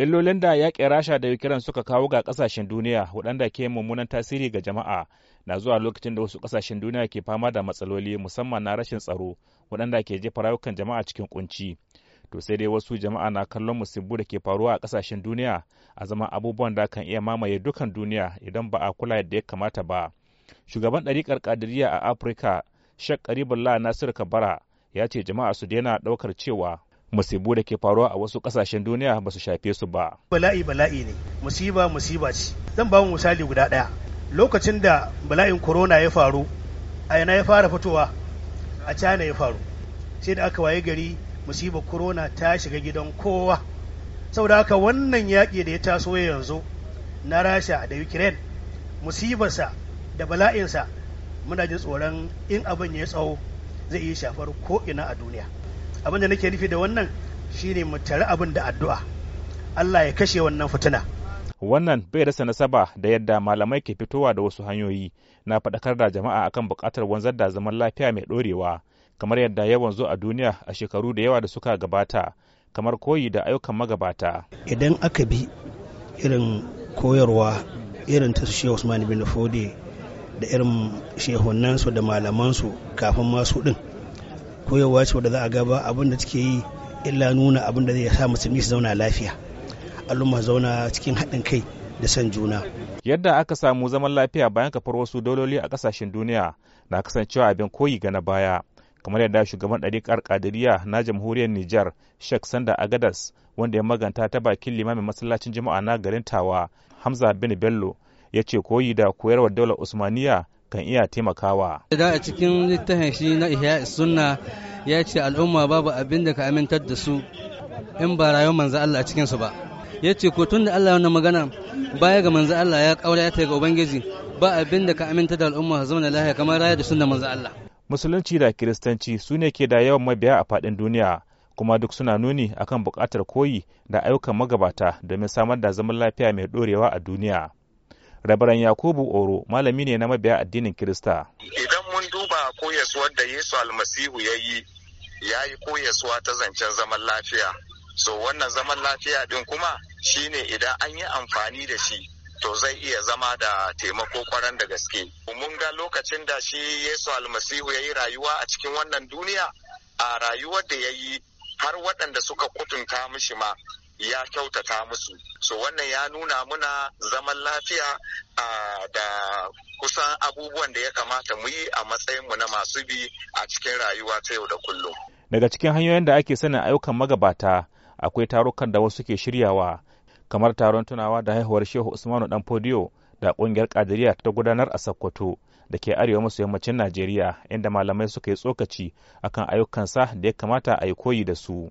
illolin da yaƙin rasha da ukraine suka kawo ga ƙasashen duniya waɗanda ke mummunan tasiri ga jama'a na zuwa lokacin da wasu ƙasashen duniya ke fama da matsaloli musamman na rashin tsaro waɗanda ke jefa rayukan jama'a cikin kunci to sai dai wasu jama'a na kallon musibbu da ke faruwa a ƙasashen duniya a zama abubuwan da kan iya mamaye dukan duniya idan ba a kula yadda ya kamata ba shugaban ɗariƙar ƙadiriya a afirka shak karibullah nasir kabara ya ce jama'a su daina ɗaukar cewa musibu da ke faruwa a wasu kasashen duniya ba su shafe su ba bala'i bala'i ne musiba musiba ce zan ba mu misali guda ɗaya lokacin da bala'in corona ya faru a yana ya fara fitowa a china ya faru sai da aka waye gari musibar corona ta shiga gidan kowa saboda haka wannan yaƙi da ya taso yanzu na rasha da ukraine musibarsa da bala'insa muna jin tsoron in abin ya tsawo zai iya shafar ko'ina a duniya abinda nake nufi da wannan shine mu tare abin da addu'a Allah ya kashe wannan fitina wannan bai rasa nasaba da yadda malamai ke fitowa da wasu hanyoyi na faɗakar da jama'a akan buƙatar wanzar da zaman lafiya mai ɗorewa kamar yadda yawan zo a duniya a shekaru da yawa da suka gabata kamar koyi da ayyukan magabata idan aka bi irin koyarwa irin ta shehu usman bin fode da irin shehunansu da malamansu kafin masu ɗin koyarwa ce wadda za a gaba abin da take yi illa nuna abin da zai sa musulmi su zauna lafiya al'umma zauna cikin haɗin kai da san juna yadda aka samu zaman lafiya bayan kafar wasu dololi a ƙasashen duniya na kasancewa abin koyi ga na baya kamar yadda shugaban ɗariƙar ƙadiriya na jamhuriyar Nijar Sheikh Sanda Agadas wanda ya maganta ta bakin limamin masallacin jama'a na garin Tawa Hamza bin Bello ya ce koyi da koyarwar daular Usmaniya kan iya taimakawa. Da a cikin littafin shi na Ihya Sunna ya ce al'umma babu abin da ka amintar da su in ba rayuwar manzo Allah a cikin su ba. Ya ce ko tun da Allah wannan magana baya ga manzo Allah ya kaura ya ga Ubangiji ba abin da ka amintar da al'umma zama da lahiya kamar rayuwar da sunna manzo Allah. Musulunci da Kiristanci su ne ke da yawan mabiya a fadin duniya kuma duk suna nuni akan bukatar koyi da ayyukan magabata domin samar da zaman lafiya mai ɗorewa a duniya. rabaran yakubu oro malami ne na mabiya addinin kirista idan mun duba koyaswar da yesu almasihu ya yi ya yi koyaswa ta zancen zaman lafiya so wannan zaman lafiya din kuma shine idan an yi amfani da shi to zai iya zama da taimako kwaran da gaske mun ga lokacin da shi yesu almasihu ya yi rayuwa a cikin wannan duniya a rayuwar da ya yi har waɗanda suka kutunta mishi ma ya kyautata musu so wannan ya nuna muna zaman lafiya da kusan abubuwan da ya kamata mu yi a matsayinmu na masu bi a cikin rayuwa ta yau da kullum daga cikin hanyoyin da ake sanin ayyukan magabata akwai tarukan da wasu ke shiryawa kamar taron tunawa da haihuwar shehu usmanu dan fodiyo da kungiyar kadiriya ta gudanar a sokoto da ke arewa maso yammacin najeriya inda malamai suka yi tsokaci akan ayyukansa da ya kamata a yi koyi da su